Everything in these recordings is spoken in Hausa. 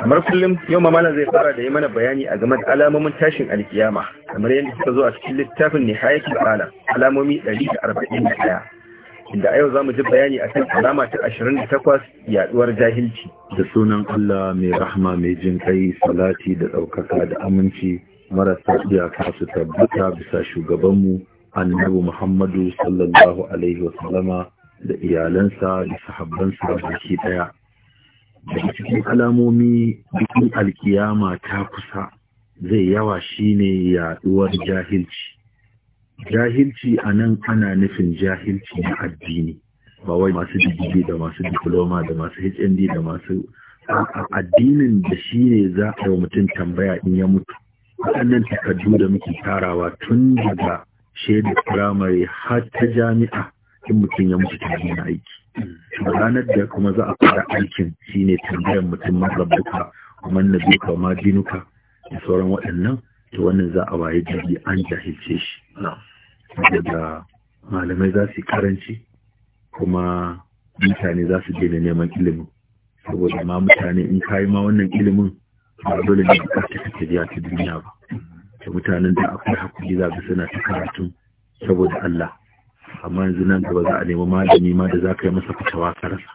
kamar kullum yau mamala zai fara da yi mana bayani a game da alamomin tashin alkiyama kamar yadda suka zo a cikin littafin nihayatul tsala alamomi 141 inda a yau za mu ji bayani a kan alama ta 28 yaduwar jahilci da sunan Allah mai rahma mai jin kai salati da ɗaukaka da aminci marasa iyaka su tabbata bisa shugabanmu annabi Muhammadu sallallahu alaihi wasallama da iyalansa da sahabbansa baki ɗaya daga cikin alamomi bikin alkiyama ta kusa zai yawa shine yaduwar jahilci jahilci a nan ana nufin jahilci na addini ba wai masu digiri da masu diploma da masu hnd da masu addinin da shi ne za a yi mutum tambaya in ya mutu waɗannan takardu da muke tarawa tun daga shaidar firamare har ta jami'a in mutum ya mutu ta aiki ranar da kuma za a fara aikin shine tambayar mutum man rabbuka kuma nabi ka ma dinuka da sauran waɗannan to wannan za a waye gari an jahilce shi daga malamai za su karanci kuma mutane za su daina neman ilimin saboda ma mutane in kayi ma wannan ilimin ba dole ne bukata ta tafiya ta duniya ba da mutanen da akwai hakuri za suna ta karatu saboda Allah amma yanzu nan gaba za a nemi malami ma da za ka yi masa fitawa ka rasa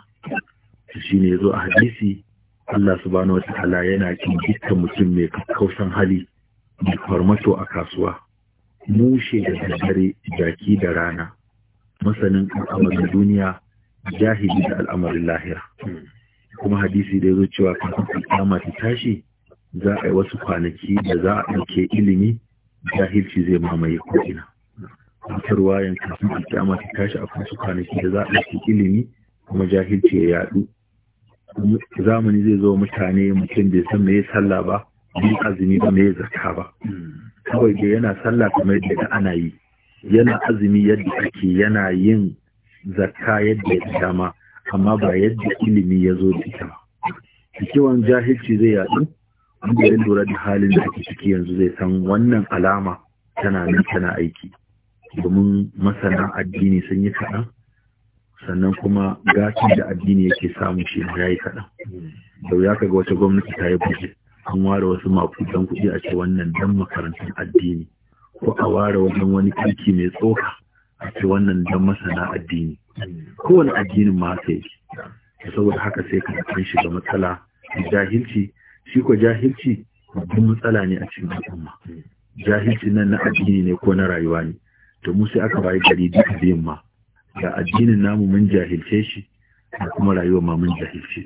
shi ne ya zo a hadisi Allah subhanahu wataala yana cin dukkan mutum mai kakkausan hali da farmato a kasuwa mushe da daddare jaki da rana masanin al'amarin duniya jahili da al'amarin lahira kuma hadisi da ya zo cewa kafin al'ama ta tashi za a yi wasu kwanaki da za a ɗauke ilimi jahilci zai mamaye ko'ina wata ruwayan kafin alƙiyama ta tashi a kansu kwanaki da za a ɗauki ilimi kuma jahilci ya yaɗu zamani zai zo mutane mutum bai san me sallah ba bai azumi ba me zakka ba kawai dai yana sallah kamar yadda ana yi yana azumi yadda ake yana yin zakka yadda ya dama amma ba yadda ilimi ya zo da ita ba kiwon jahilci zai yaɗu wanda ya lura da halin da ake ciki yanzu zai san wannan alama tana nan tana aiki domin masana addini sun yi kaɗan sannan kuma gashin da addini yake samu shi ya yi kaɗan da ya kaga wata gwamnati ta yi buje an ware wasu mafudan kuɗi a ce wannan dan makarantun addini ko a ware wajen wani aiki mai tsoka a ce wannan dan masana addini kowane addinin ma haka yake saboda haka sai ka kan shiga matsala jahilci shi ko jahilci duk matsala ne a cikin al'umma jahilci nan na addini ne ko na rayuwa ne to mu sai aka bayi gari duk biyun ma da addinin namu mun jahilce shi da kuma rayuwar ma mun jahilce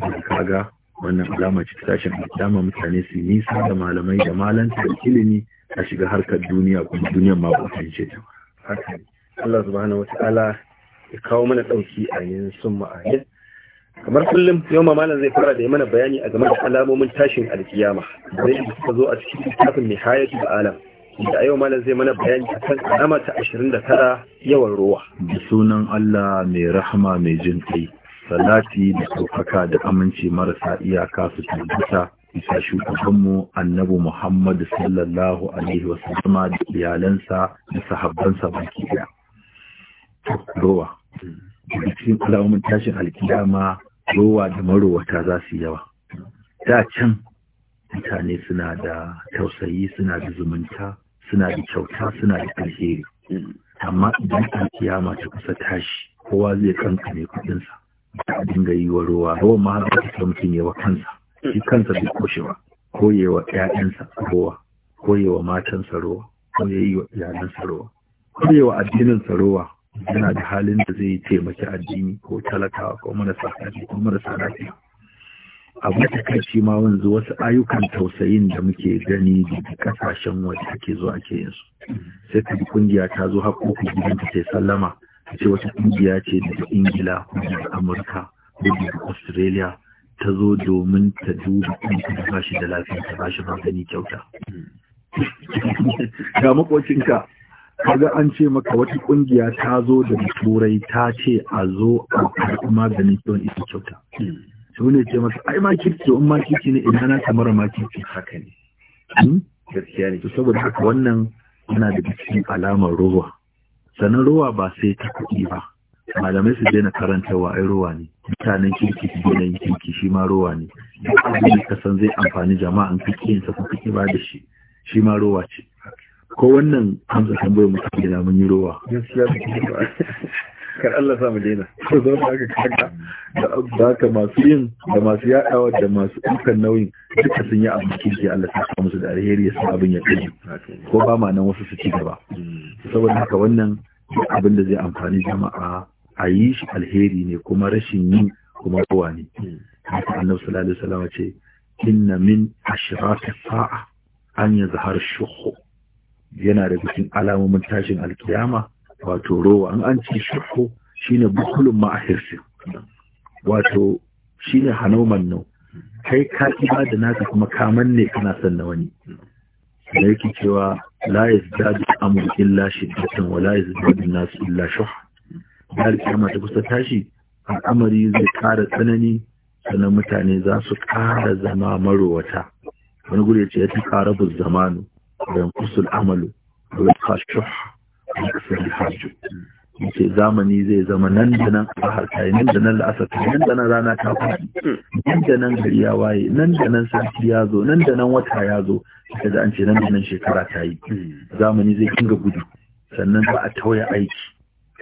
ta kaga wannan alama ce tashin alama mutane su nisa da malamai da malanta da ilimi a shiga harkar duniya kuma duniyar ma ba ta Allah subhanahu wataala ya kawo mana dauki a yin sun ma'ayin kamar kullum yau ma malam zai fara da ya mana bayani a game da alamomin tashin alkiyama zai suka zo a cikin littafin nihayatul alam da yau malam zai mana bayani kan karama ta 29 yawan ruwa da sunan Allah mai rahama mai jin kai salati da sauƙaƙa da aminci marasa iyaka su tabbata bisa shugabanmu annabi Muhammadu sallallahu alaihi wasallama da iyalansa da sahabbansa baki daya ruwa da cikin alamun tashin alkiyama ruwa da marowata za su yawa da can mutane suna da tausayi suna da zumunta suna da kyauta suna da alheri amma idan an alkiyama ta kusa tashi kowa zai kankane kuɗinsa da a dinga yi wa ruwa ruwan ma haka ta mutum yawa kansa shi kansa bai koshe ba ko ya wa ƴaƴansa ruwa ko ya wa matansa ruwa ko ya yi wa iyalansa ruwa ko ya wa addininsa ruwa yana da halin da zai taimaki addini ko talakawa ko marasa ko marasa lafiya A da ma wanzu wasu ayyukan tausayin da muke gani daga kasashen waje ake zo ake yin su sai ka kungiya ta zo haƙoƙi gidan ta sallama ta ce wata kungiya ce daga ingila ko daga amurka ko daga australia ta zo domin ta duba ɗanka da bashi da lafiya ta bashi magani kyauta ga makocinka kaga an ce maka wata kungiya ta zo daga turai ta ce a zo a karɓi maganin kyau kyauta su ne ce masa ai makirci in makirci ne idan na kamar makirci haka ne hmm? gaskiya ne to saboda haka wannan yana da cikin alamar ruwa sannan ruwa ba sai ta kuɗi ba malamai su daina karantarwa ai ruwa ne mutanen kirki su daina yin kirki shi ma ruwa ne duk abin da ka zai amfani jama'an kirki yin ko ba da shi shi ma ruwa ce ko wannan amsa tambayar mutane da mun yi ruwa kar Allah samu daina ko zo da aka kaka da haka masu yin da masu yaɗawa da masu ɗaukan nauyin duka sun yi abin kirki Allah ta samu su da alheri ya sa abin ya kai ko ba ma nan wasu su ci gaba saboda haka wannan abin da zai amfani jama'a a yi shi alheri ne kuma rashin yi kuma ruwa ne haka annabi sallallahu alaihi wasallam ce inna min ashrati sa'a an yazhar shukhu yana da cikin alamomin tashin alkiyama wato rowa an an ce shuhu shine bukulun ma'ahirsi wato shine hanoman nau kai ka ba da naka kuma kaman ne kana son na wani da yake cewa la yazdadu amru illa shiddatan wa la yazdadu nasu illa shuh dal kama ta kusa tashi al'amari zai kara tsanani sannan mutane za su ƙara zama marowata wani gure ce ya fi ƙara zamanu da kusul amalu da a kasar hajju ce zamani zai zama nan da nan bahar ta nan da nan la'asar ta nan da nan rana ta faɗi nan da nan gari ya waye nan da nan sarki ya zo nan da nan wata ya zo ita da an ce nan da nan shekara ta yi zamani zai kinga gudu sannan ba a tauya aiki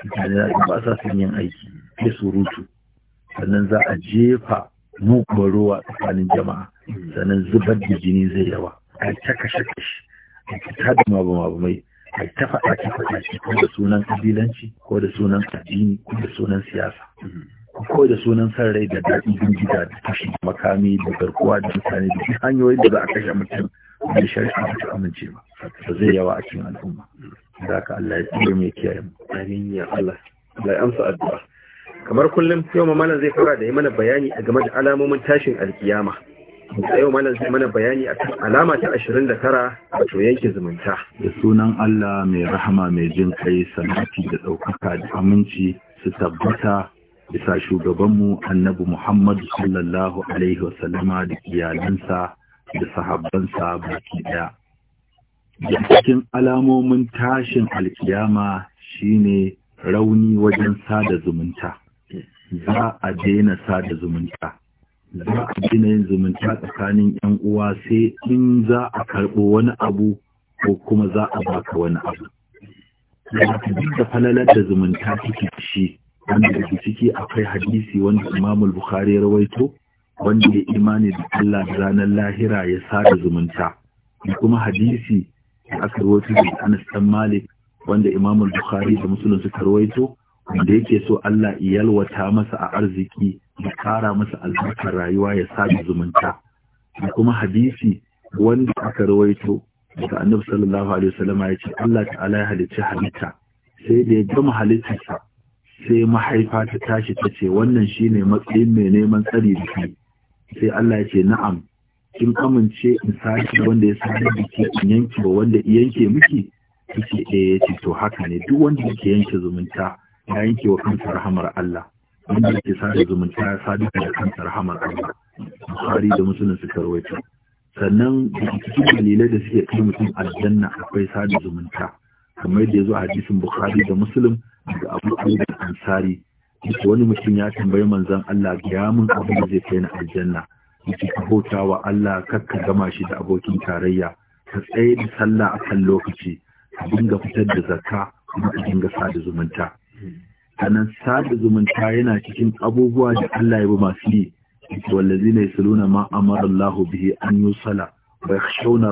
mutane ba sa sun yin aiki sai surutu sannan za a jefa mugun ruwa tsakanin jama'a sannan zubar da jini zai yawa a ta kashe kashe a ta da mai. ai ta faɗa ki faɗa shi ko da sunan ƙabilanci, ko da sunan addini ko da sunan siyasa ko da sunan san rai da daɗi gida da tashi makami da garkuwa da mutane da duk hanyoyin da za a kashe mutum da shari'a ba ta amince ba ba zai yawa a cikin al'umma da ka Allah ya tsira mai kiyaye mu amin ya Allah Allah ya amsa addu'a kamar kullum yau malam zai fara da yi mana bayani a game da alamomin tashin alkiyama a yau malam mana bayani akan alama ta 29 wato yanke zumunta da sunan Allah mai rahama mai jin kai sanati, da ɗaukaka da aminci su tabbata bisa shugabanmu annabi muhammad sallallahu alaihi wasallama da iyalansa da sahabbansa baki ɗaya. da cikin alamomin tashin alkiyama shine rauni wajen sada zumunta za a daina sada zumunta za a gina yin zumunta tsakanin yan uwa sai in za a karɓo wani abu ko kuma za a baka wani abu duk da falalar da zumunta take shi wanda daga ciki akwai hadisi wanda imamul bukhari ya rawaito wanda ya imani da Allah da ranar lahira ya sada zumunta kuma hadisi da aka rawaito da Anas dan Malik wanda imamul bukhari da Muslim suka rawaito wanda yake so Allah iyalwata masa a arziki ya kara masa albarkar rayuwa ya sada zumunta da kuma hadisi wanda aka rawaito daga annabi sallallahu alaihi wasallam ya ce Allah ta'ala ya halicci halitta sai da ya gama halittarsa sai mahaifa ta tashi ta ce wannan shine matsayin mai neman tsari da shi sai Allah ya ce na'am kin amince in sake wanda ya sake da ke in yanke ba wanda yanke miki ce eh ce to haka ne duk wanda yake yanke zumunta ya yanke wa kansa rahamar Allah wanda yake sada zumunta ya sadu da kansa rahamar Allah Bukhari da Muslim suka rawaita sannan cikin dalilai da suke kai mutum aljanna akwai sada zumunta kamar da yazo a hadisin Bukhari da Muslim daga Abu Ayyub Ansari yace wani mutum ya tambayi manzon Allah ya mun abin da zai kai ni aljanna yace ka bauta wa Allah kakka gama shi da abokin tarayya ka tsaye da sallah a kan lokaci ka dinga fitar da zakka kuma ka dinga sada zumunta sannan sada zumunta yana cikin abubuwa da Allah ya bi masu yi والذين يسلون ما أمر الله به أن يصلى ويخشون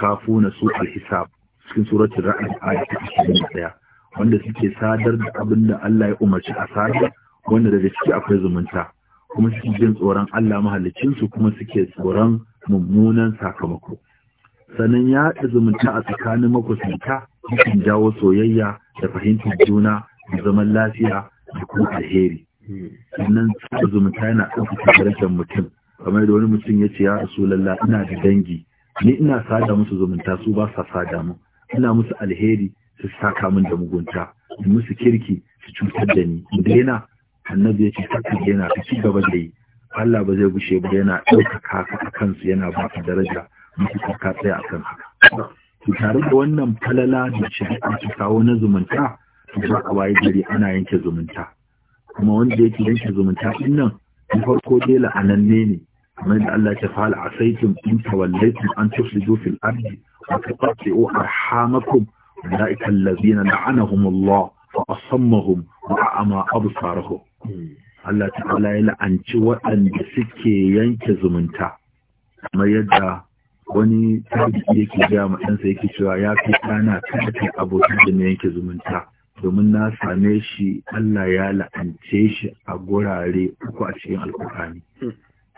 kafu na su الحساب cikin suratul ra'd aya 21 wanda suke sadar da abin da Allah ya umarci a sadar wanda daga ciki akwai zumunta kuma suke jin tsoron Allah mahallicin su kuma suke tsoron mummunan sakamako sannan ya zumunta a tsakanin makusanta yakan jawo soyayya da fahimtar juna da zaman lafiya da kuma alheri sannan tsara zumunta yana ɗaukaka darajar mutum kamar da wani mutum ya ce ya lalla ina da dangi ni ina sada musu zumunta su ba sa sada mu ina musu alheri su saka min da mugunta in musu kirki su cutar da ni daina annabi ya ce saka daina ka ci gaba da yi Allah ba zai gushe ba yana ɗaukaka ka a kansu yana ba ka daraja musu ka tsaya a kan haka. Tare da wannan falala da shari'a ta kawo na zumunta za a waye gari ana yanke zumunta kuma wanda yake yanke zumunta din nan na farko dai la'ananne ne kamar da Allah ta fa'ala asaitum in tawallaitum an tufsidu fil ardi wa taqta'u arhamakum ulaika allazina la'anahum Allah fa asammahum wa a'ama absarahum Allah ta'ala ya la'anci waɗanda suke yanke zumunta kamar yadda wani tabi yake gaya ma ɗansa yake cewa ya fi kana kada kai abokin da yanke zumunta domin na same shi Allah ya la'ance shi a gurare uku a cikin alkur'ani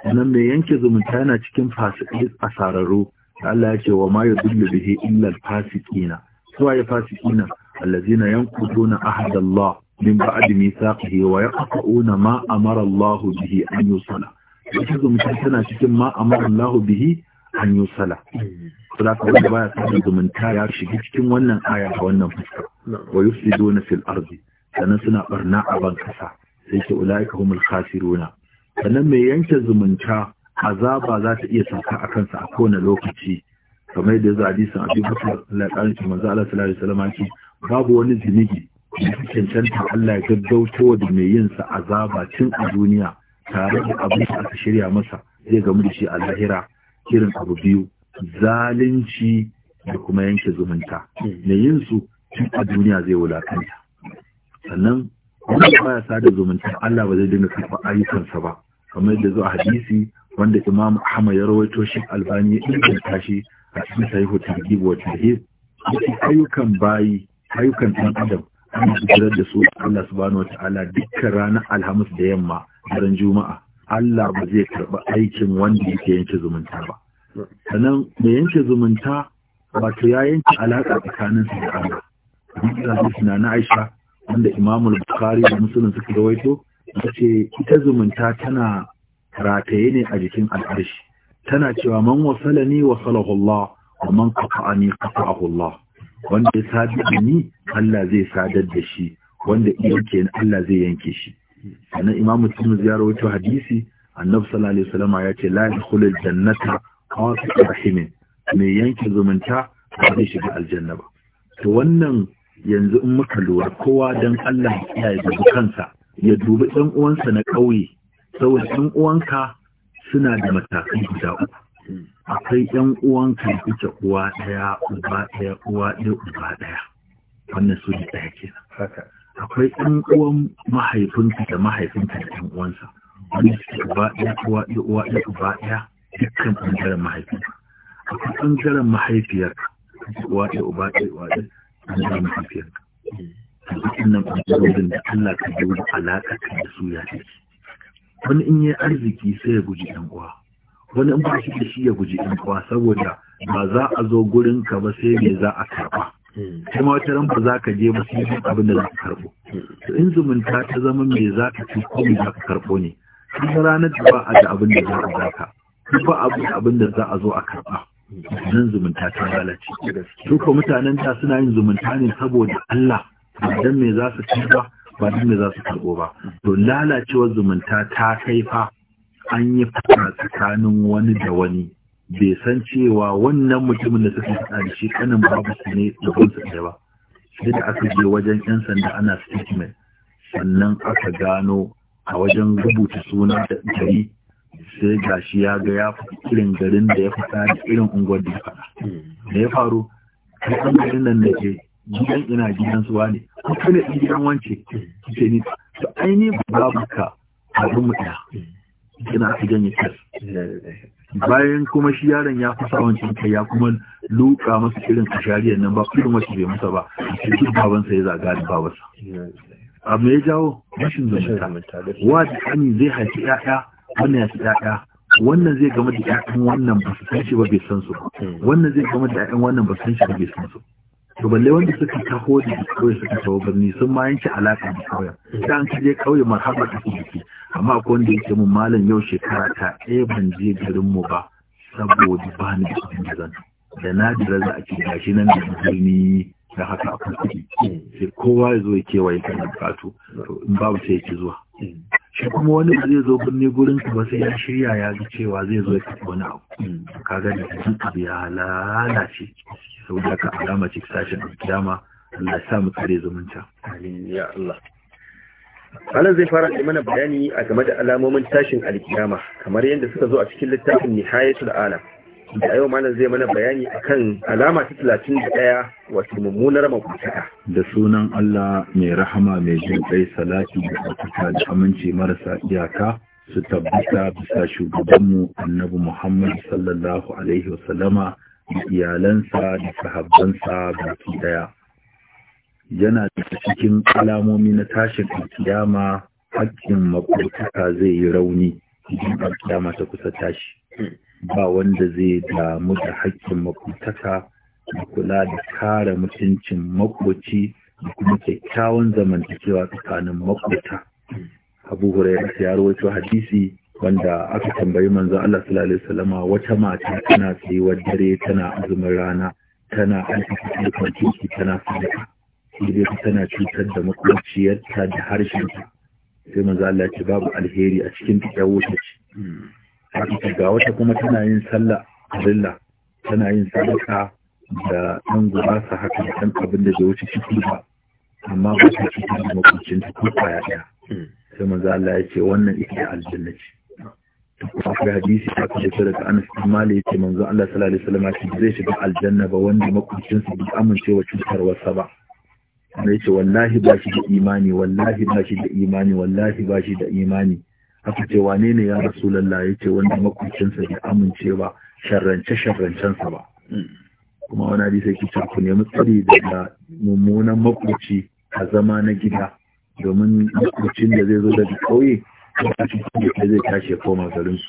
Wannan mai yanke zumunta yana cikin fasikai asararru da Allah ya ce wa ma yadullu bihi illa al-fasiqina suwa ya fasiqina allazina yanquduna ahada Allah min ba'd mithaqihi wa yaqta'una ma amara Allah bihi an yusala yanke zumunta tana cikin ma amara Allah bihi an sala to mm. da ka wanda baya sada zumunta ya shiga cikin wannan aya a wannan fuska wa na fil arzi. sannan suna barna a ban kasa sai ke ka humul khasiruna sannan mai yanke zumunta azaba za ta iya sauka a kansa a kowane lokaci kamar da za a disan abubakar Allah ya ƙarin shi manzo Allah sallallahu alaihi wasallam ce babu wani zinigi. da cancanta Allah ya gaggauto da mai yin sa azaba tun a duniya tare da abin da aka shirya masa zai gamu da shi a lahira Kirin abu biyu zalunci da kuma yanke zumunta mai yin su tun a duniya zai wulakanta sannan wanda ya sada zumunta Allah ba zai dinga karɓar ayyukansa ba kamar yadda zuwa hadisi wanda Imam Ahmad ya rawaito shi Albani ya inganta shi a cikin sahihu targhib wa tarhib ayyukan bayi ayyukan ɗan adam ana gudanar da su Allah subhanahu wa dukkan ranar Alhamis da yamma daren Juma'a Allah ba zai karɓi aikin wanda yake yanke zumunta ba sannan mai yanke zumunta wato ya yanke alaƙa tsakanin su da Allah dukkan hadisi na na Aisha wanda imamul Bukhari da Muslim suka rawaito ce ita zumunta tana rataye ne a jikin al'arshi tana cewa man wasalani wasala Allah wa man qata'ani qata'ahu Allah wanda ya sadar da ni Allah zai sadar da shi wanda yake Allah zai yanke shi sannan imam muslim ya rawaito hadisi annabi sallallahu alaihi wasallam ya ce la yadkhulul jannata qati'u rahimin mai yanke zumunta ba zai shiga aljanna ba to wannan yanzu in muka lura kowa dan Allah ya dubi kansa ya dubi ɗan uwansa na ƙauye saboda ɗan uwanka suna da matakai guda uku akwai ɗan uwanka da kuke uwa ɗaya uba ɗaya uwa ɗaya uba ɗaya wannan su ne ɗaya kenan akwai ɗan uwan mahaifinka da mahaifinta da ɗan uwansa wani suke uba ɗaya uwa ɗaya uwa ɗaya uba ɗaya dukkan ɓangaren mahaifinka akwai ɓangaren mahaifiyarka uwa ɗaya uba ɗaya uwa ɗaya ɓangaren mahaifiyarka waɗannan ɓangarorin da Allah ka yi alaƙa kan da su ya take wani in yi arziki sai ya guji ɗan uwa wani in ba shi da shi ya guji ɗan uwa saboda ba za a zo gurin ka ba sai me za a karɓa ma wata ran za ka je ba sai abin da za ka karɓo to in zumunta ta zama mai za ka ci ko mai za ka karɓo ne ga ranar da ba a da abin da za a ka sun ba abu da abin da za a zo a karɓa nan zumunta ta lalace duka mutanen da suna yin zumunta ne saboda Allah ba dan me za su ci ba ba dan me za su karɓo ba to lalacewar zumunta ta kai fa an yi fara tsakanin wani da wani bai san cewa wannan mutumin da suka faɗa da shi kanin babu su ne da kansu ɗaya ba sai da aka je wajen yan sanda ana statement sannan aka gano a wajen rubuta suna da gari sai gashi ya ga ya fi irin garin da ya fita da irin unguwar da ya faɗa da ya faru kai an garin nan da ke gidan ina gidan suwa ne ko kana gidan wance ce ni to ainihin babu ka a mu ɗaya ina aka janye bayan kuma shi yaron ya fi wancan kai ya kuma luka masa irin ashariyar nan ba irin wasu bai masa ba shi babansa ya zaga da babansa abu ya jawo rashin zumunta wa da kani zai haifi ƴaƴa wannan ya fi ƴaƴa wannan zai gama da ƴaƴan wannan ba su san shi ba bai san su ba hmm. wannan zai gama da ƴaƴan wannan ba su san shi ba bai san su to balle wanda suka taho da kawai suka taho birni sun ma yanke alaka da kauyen da an kaje kauye marhaba da jiki amma akwai wanda ya yake mun malam yau shekara ta ɗaya ban je garin mu ba saboda ba ni da kuɗin zan da na jira za a ce shi nan da birni da haka akwai mm. sai kowa ya zo ya kewaye kan bukatu in babu sai ya ke zuwa mm. shi kuma wani ba zai zo birni gurin ba sai ya shirya ya ga cewa zai zo ya wani abu ka da duk abu ya lalace sau da ka alama ce sashen alkiyama Allah ya sa mu tsare zumunta ya Allah Allah zai fara da mana bayani a game da alamomin tashin alkiyama kamar yadda suka zo a cikin littafin nihayatul alam da yau malam zai mana bayani akan alama ta talatin da ɗaya wato mummunar mabuta da sunan Allah mai rahama mai jin kai salati da ɗaukaka da aminci marasa iyaka su tabbata bisa shugabanmu annabi Muhammad sallallahu alaihi wasallama da iyalansa da sahabbansa baki ɗaya. yana da cikin alamomi na tashin kiyama hakkin makwabtaka zai yi rauni idan kiyama ta kusa tashi hmm. ba wanda zai damu da hakkin makwataka da kula da kare mutuncin makoci da kuma kyakkyawan zamantakewa tsakanin makwata abu hurairah ya rawaito hadisi wanda aka tambayi manzo Allah sallallahu alaihi wasallam wata mata tana tsayuwar dare tana azumin rana tana aikata dukkan ciki tana sadaka sai tana cutar da makwabciyarta da harshenta sai manzo Allah ya ce babu alheri a cikin ta wuce ce haka ga wata kuma tana yin sallah harilla, tana yin sadaka da ɗan gurasa haka da ɗan abin da bai wuce ciki ba amma ba ta cikin da makwacin ta ko kwaya ɗaya hmm. sai manzo Allah ya ce wannan ita aljanna ce to kuma ga hadisi ta kace ta daga Anas bin Malik yace manzo Allah sallallahu alaihi wasallam ce zai shiga aljanna ba wanda makwacin sa bai wa cutarwar sa ba sai ce wallahi ba shi da imani wallahi ba shi da imani wallahi ba shi da imani aka ce wane ne ya ya ce wanda makwabcinsa bai amince ba sharrance sharrancensa ba kuma wani hadisi yake cewa ku nemi tsari daga mummunan makwabci a zama na gida domin makocin da zai zo daga kauye da zai tashi ya koma garin su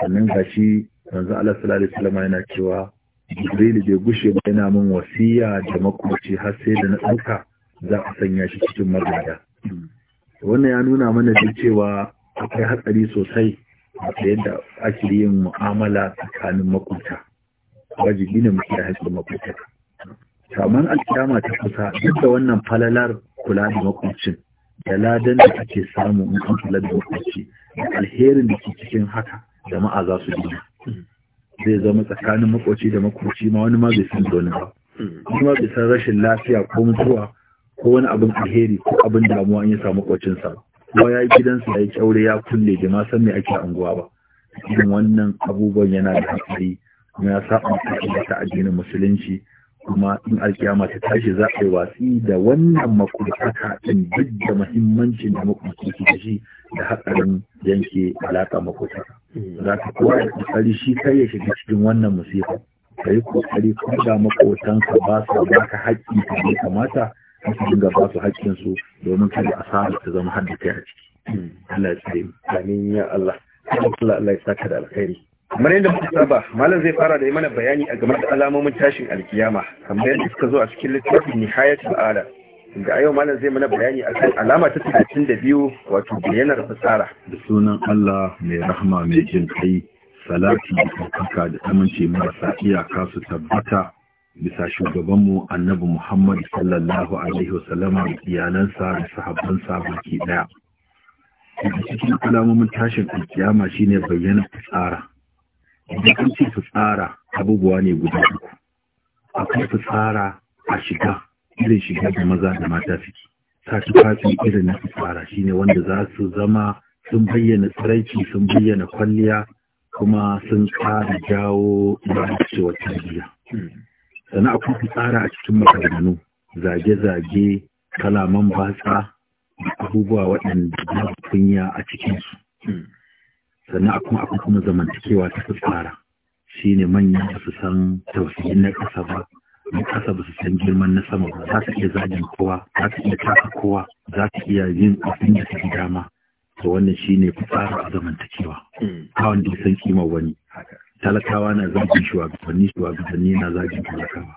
sannan ga shi yanzu Allah sallallahu alaihi wasallam yana cewa Jibril bai gushe ba yana min wasiya da makwabci har sai da na ɗauka za a sanya shi cikin magada wannan ya nuna mana da cewa akwai hatsari sosai da yadda ake yin mu'amala tsakanin makwabta wajibi ne mutum ya haƙƙin makwabta kamar ta kusa duk da wannan falalar kula da makwabcin da ladan da ake samu in an kula da makwabci da alherin da ke cikin haka jama'a za su gina. zai zama tsakanin makwabci da makwabci ma wani ma bai san da wani ba wani ma bai san rashin lafiya ko mutuwa ko wani abin alheri ko abin damuwa in ya samu makocinsa ba kuma ya yi gidansa ya yi kyaure ya kulle da ma san me ake anguwa ba irin wannan abubuwan yana da hankali kuma ya sa an da ta addinin musulunci kuma in alkiyama ta tashi za a yi watsi da wannan makulata din duk da muhimmancin da makulci ke da shi da hatsarin yanke alaƙa makota. za ka kowa da kokari shi kai ya shiga cikin wannan musifa ka yi kokari ko da makotanka ba su ba ka haƙƙi ka kamata su dinga ba su haƙƙinsu domin kada asara ta zama haddata a ciki Allah ya tsare amin ya Allah Allah Allah ya saka da alkhairi kamar yadda muka saba malam zai fara da mana bayani a game da alamomin tashin alkiyama kamar yadda suka zo a cikin littafin nihayatul ala da a yau malam zai mana bayani akan alama ta talatin da biyu wato bayyanar fasara da sunan Allah mai rahama mai jin kai salati da da aminci marasa iyaka su tabbata bisa shugabanmu annabi Muhammad sallallahu Alaihi wasallama iyalansa da sahabbansa baki ɗaya. Daga cikin alamomin tashin alkiyama shine bayyana fitsara. Da an ce fitsara abubuwa ne guda uku. Akwai fitsara a shiga, irin shiga da maza da mata suke. ci tufafi irin na fitsara shine wanda za su zama sun bayyana tsiraici sun bayyana kwalliya kuma sun ƙara jawo lalacewar tarbiyya. sannan akwai fitsara a cikin maganganu zage-zage kalaman batsa abubuwa waɗanda na kunya a cikinsu sannan akwai akwai kuma zamantakewa ta fitsara shi ne manya ba su san tausayin na ƙasa ba na ƙasa ba su san girman na sama ba za su iya zagin kowa za su iya taka kowa za su iya yin abin da su dama to wannan shi ne fitsara a zamantakewa kawai da san kima wani talakawa na zagin shugabanni shugabanni na zagin talakawa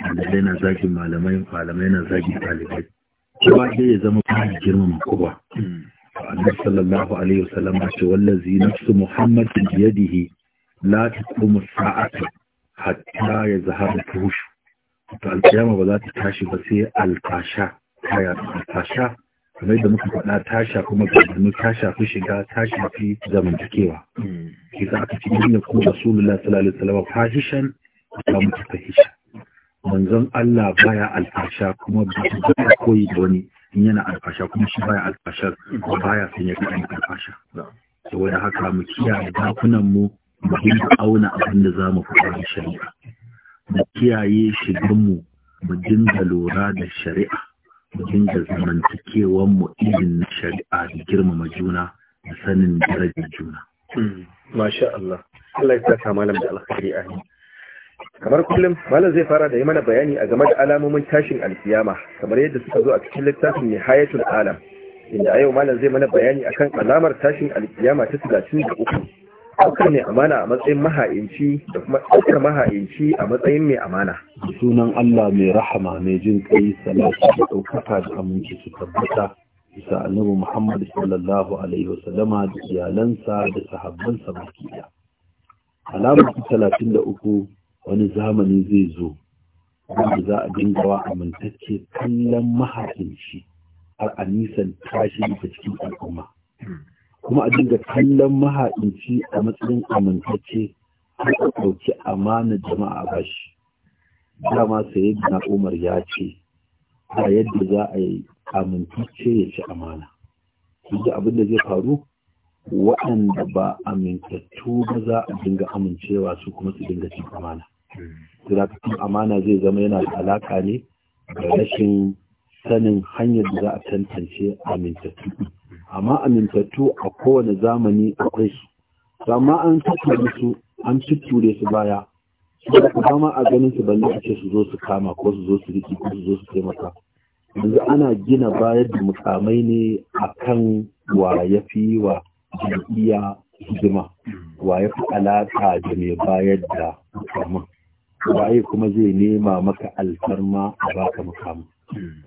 ɗalibai na zagin malamai malamai na zagin ɗalibai kowa dai ya zama kuma girmama kowa annabi sallallahu alaihi wasallam ya ce wallazi nafsu muhammadin biyadihi la taqumu sa'atu hatta yazhara fuhushu to alkiyama ba za ta tashi ba sai alfasha kaya alfasha kamar da muka faɗa ta shafi maganganu ta shafi shiga ta shafi zamantakewa shi za aka ci yin kuma rasulullah sallallahu alaihi salama fahishan ta mutu fahisha manzon Allah baya alfasha kuma ba koyi da wani in yana alfasha kuma shi baya alfasha ko baya sun yi kai alfasha saboda haka mu kiyaye dakunan mu mu dinga auna abin da zamu faɗa da shari'a mu kiyaye shigar mu mu dinga lura da shari'a dinga zamantakewan mu irin na shari'a da girmama juna da sanin darajar juna. Hmm, masha Allah, Allah ya saka malam da alkhairi a Kamar kullum, malam zai fara da yi mana bayani a game da alamomin tashin alkiyama kamar yadda suka zo a cikin littafin hayatul Alam. Inda a yau malam zai mana bayani akan alamar tashin alkiyama ta da uku. ɗaukar mai amana a matsayin maha'inci da kuma ɗaukar maha'inci a matsayin mai amana. sunan Allah mai rahama mai jin kai salatu da ɗaukaka da aminci su tabbata bisa annabi Muhammad sallallahu alaihi wasallama da iyalansa da sahabbansa baki ɗaya. Alamar talatin da uku wani zamani zai zo wanda za a dinga wa amintacce kallon maha'inci har a nisan tashi daga cikin al'umma. kuma a dinga kallon maha'inci a matsayin amintacce har a ɗauki amana jama'a ba shi dama sai na umar ya ce a yadda za a yi amintacce ya ci amana yanzu abin da zai faru waɗanda ba amintattu ba za a dinga amincewa su kuma su dinga cin amana zirafin amana zai zama yana da alaƙa ne da rashin sanin hanyar da za a tantance amintattu amma amintattu a kowane zamani akwai su amma an tattura musu, an tutture su baya su da kama a ganin su balle a ce su zo su kama ko su zo su riki ko su zo su taimaka yanzu ana gina bayar da mukamai ne akan wa ya fi wa jam'iyya hidima wa ya fi alaƙa da mai bayar da mukamin waye kuma zai nema maka alfarma a baka mukamin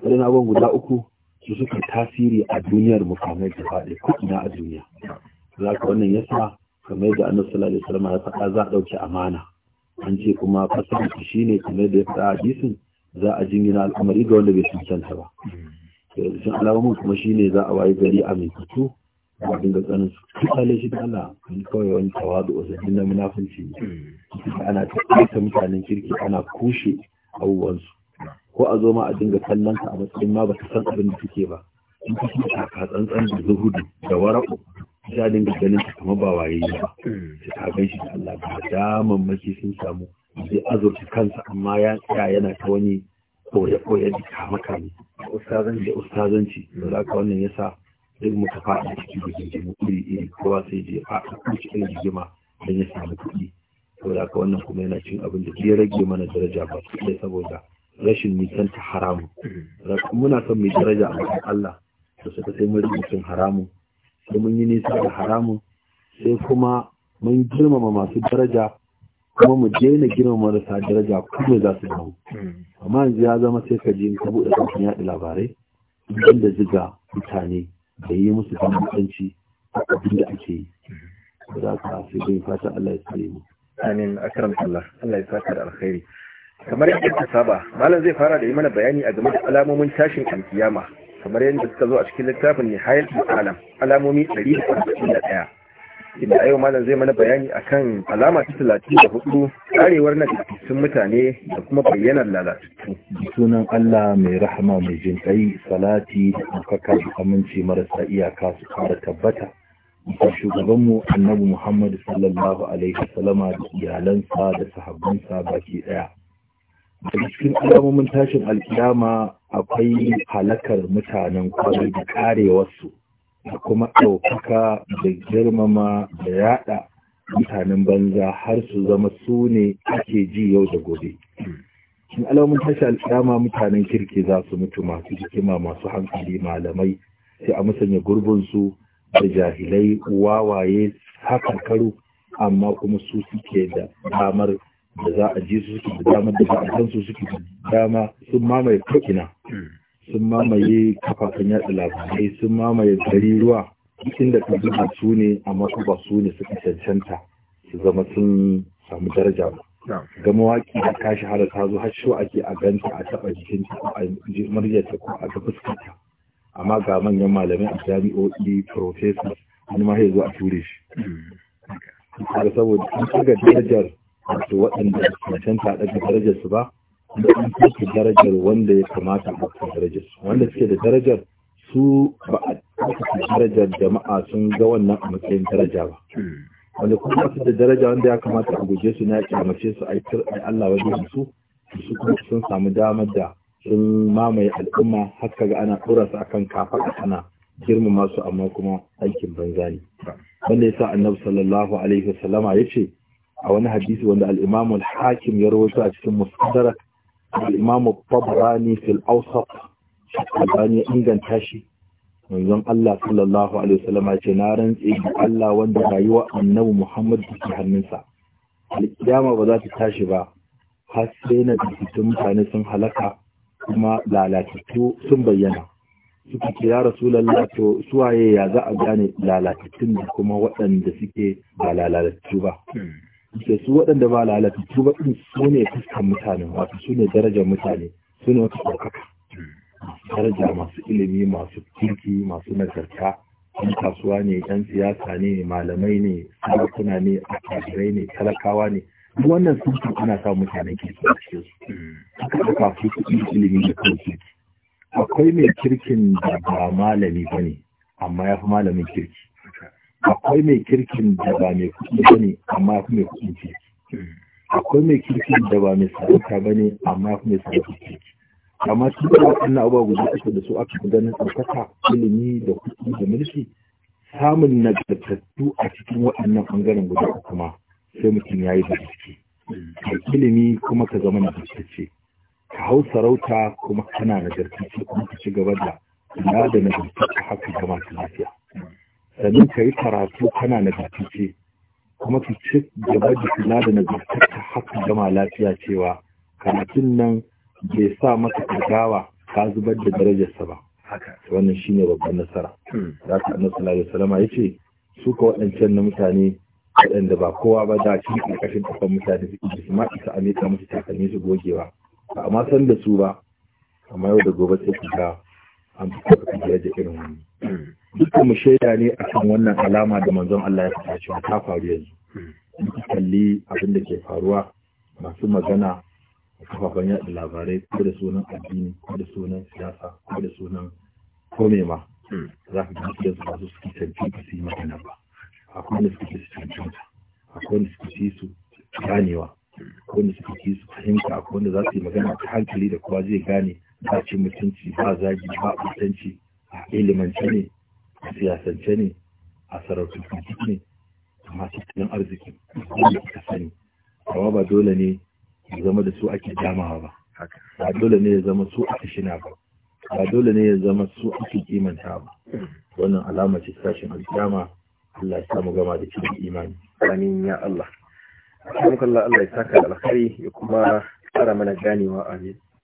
na abubuwan guda uku su suka tasiri a duniyar mukamai da faɗi ina a duniya za ka wannan yasa kamar yadda annabi sallallahu alaihi wasallam ya faɗa za a ɗauki amana an ce kuma shi shine kamar da ya faɗa hadisin za a jingina al'amari ga wanda bai canta ba alama alamomin kuma shine za a wayi gari a mintattu a dinga tsanin su shi da Allah wani kawai wani tawadu a zaɓin na munafunci ne hmm. ana ta mutanen kirki ana kushe abubuwansu ko a zo ma a dinga kallon ka a matsayin ma ba ta san abin da kake ba in ka shi ka tsantsan da zuhudu da wara'u ta dinga ganin ta kamar ba waye ba ta hmm. gan shi da Allah ba daman maki sun samu zai azurta kansa amma ya tsaya yana ta wani koya-koya da kamaka ne ustazanci da ustazanci da za ka wannan yasa duk muka da cikin mu iri-iri kowa sai je a kuci irin rigima don ya samu kuɗi saboda haka wannan kuma yana cin abin da ya rage mana daraja ba sai saboda rashin nisanta haramun muna son mai daraja a wajen Allah da suka sai mun rubutun haramun sai mun yi nisa da haramun sai kuma mun girmama masu daraja kuma mu daina girmama marasa daraja kuma za su dawo amma yanzu ya zama sai ka je ka buɗe kafin yaɗa labarai da ziga mutane da yi musu a abin da ake yi za ka sai dai fata Allah ya tsare mu amin akram Allah Allah ya saka da alkhairi kamar yadda ta saba malam zai fara da yi mana bayani a game da alamomin tashin alkiyama kamar yadda suka zo a cikin littafin nihayat alam alamomi 141 inda a yau malam zai mana bayani akan alama ta talatin da hudu karewar na sun mutane da kuma bayyanar lalatattu sunan Allah mai rahama mai jin kai salati da ɗaukaka da aminci marasa iyaka su fara tabbata da shugabanmu annabi Muhammad sallallahu alaihi wasallama da iyalansa da sahabbansa baki ɗaya daga cikin alamomin tashin alkiyama akwai halakar mutanen kwarai da karewarsu da kuma ɗaukaka da girmama da yaɗa mutanen banza har su zama su ne ake ji yau da gobe cikin alamomin tashin alkiyama mutanen kirki za su mutu masu hikima masu hankali malamai sai a musanya gurbinsu da jahilai wawaye haka karu amma kuma su suke da damar da za a ji su suke da damar da za a kansu suke da dama sun mamaye kokina sun mamaye kafafen yaɗa labarai sun mamaye gari ruwa da ka zuba su ne amma su ba su ne suka cancanta su zama sun samu daraja ba ga mawaki da kashi shahara ta zo har shiwa ake a ganta a taɓa jikinta a muryarta ko a ga fuskarta amma ga manyan malamai a jami'o'i professors wani ma ya zo a ture shi hmm. saboda an ɗaga darajar wato waɗanda cancanta daga darajar su ba da an soke darajar wanda ya kamata a kan darajar su wanda suke da darajar su ba a ɗaukaka darajar jama'a sun ga wannan a matsayin daraja ba wanda kuma su da daraja wanda ya kamata a guje su na ya kyamace su a yi Allah wajen su su kuma sun samu damar da sun mamaye al'umma har kaga ana ɗora su akan kafaɗa ana girmama su amma kuma aikin banza ne wanda ya sa annabi sallallahu alaihi wasallama ya ce a wani hadisi wanda alimamul hakim ya rawaito a cikin Mustadrak al-Imam al-Tabrani fil Awsat albani inganta shi manzon Allah sallallahu alaihi wasallam ce na rantse da Allah wanda rayuwa Annabi Muhammad ke hannunsa al-kiyama ba za ta tashi ba har sai na cikin mutane sun halaka kuma lalatattu sun bayyana suka ce ya rasulallah to suwaye ya za a gane lalatattun da kuma waɗanda suke ba lalatattu ba hmm. da su waɗanda ba lalata su ba ɗin su ne fuskan mutane wato su ne darajar mutane su ne wata ɗaukaka daraja masu ilimi masu kirki masu nagarta yan kasuwa ne yan siyasa ne malamai ne sarakuna ne akabirai ne talakawa ne duk wannan sun ana sa mutanen kirki a cikin su haka da su kuɗi ilimi da kan kirki akwai mai kirkin da ba malami ba ne amma ya fi malamin kirki akwai mai kirkin da ba mai kuɗi ba ne amma fi mai kuɗi ce akwai mai kirkin da ba mai sarauta ba ne amma fi mai sarauta ce amma su da waɗannan abubuwa guda ake da su aka ganin ɗaukaka ilimi da kuɗi da mulki samun nagartattu a cikin waɗannan ɓangaren guda uku ma sai mutum ya yi da ka ilimi kuma ka zama nagartacce ka hau sarauta kuma kana nagartacce kuma ka ci gaba da kula da nagartacce haka gama ta lafiya sannan ka yi karatu kana nagartace kuma ka ci gaba da kula da nagartarka haka gama lafiya cewa karatun nan bai sa maka kagawa ka zubar da darajarsa ba wannan shi ne babban nasara hmm. za ka annabi sallallahu alaihi wasallam yace su ka waɗancan na mutane waɗanda ba kowa ba da cikin ƙarƙashin ƙafan mutane suke da su ma isa a meta musu takalmi su gogewa ba a ma san da su ba amma yau da gobe sai ku ga an fi daraja irin wani dukkan mu shaida ne kan wannan alama da manzon Allah ya faɗa cewa ta faru yanzu muka kalli abin da ke faruwa masu magana a kafafen yaɗa labarai ko da sunan addini ko da sunan siyasa ko da sunan kome ma za ka gani su su suke cancanci su yi magana ba akwai wanda suke su cancanta akwai wanda suke ci su ganewa akwai wanda suke ci su fahimta akwai wanda za su yi magana ta hankali da kowa zai gane ba ce mutunci ba zagi ba mutunci a ilimance ne a siyasance ne a sarautunci ne a masu tattalin arziki wanda ka sani amma ba dole ne ya zama da su ake damawa ba ba dole ne ya zama su ake shina ba ba dole ne ya zama su ake kimanta ba wannan alama ce sashen alkyama. Allah ya samu gama da cikin imani amin ya Allah Allah ya saka da alkhairi ya kuma tsara mana ganewa amin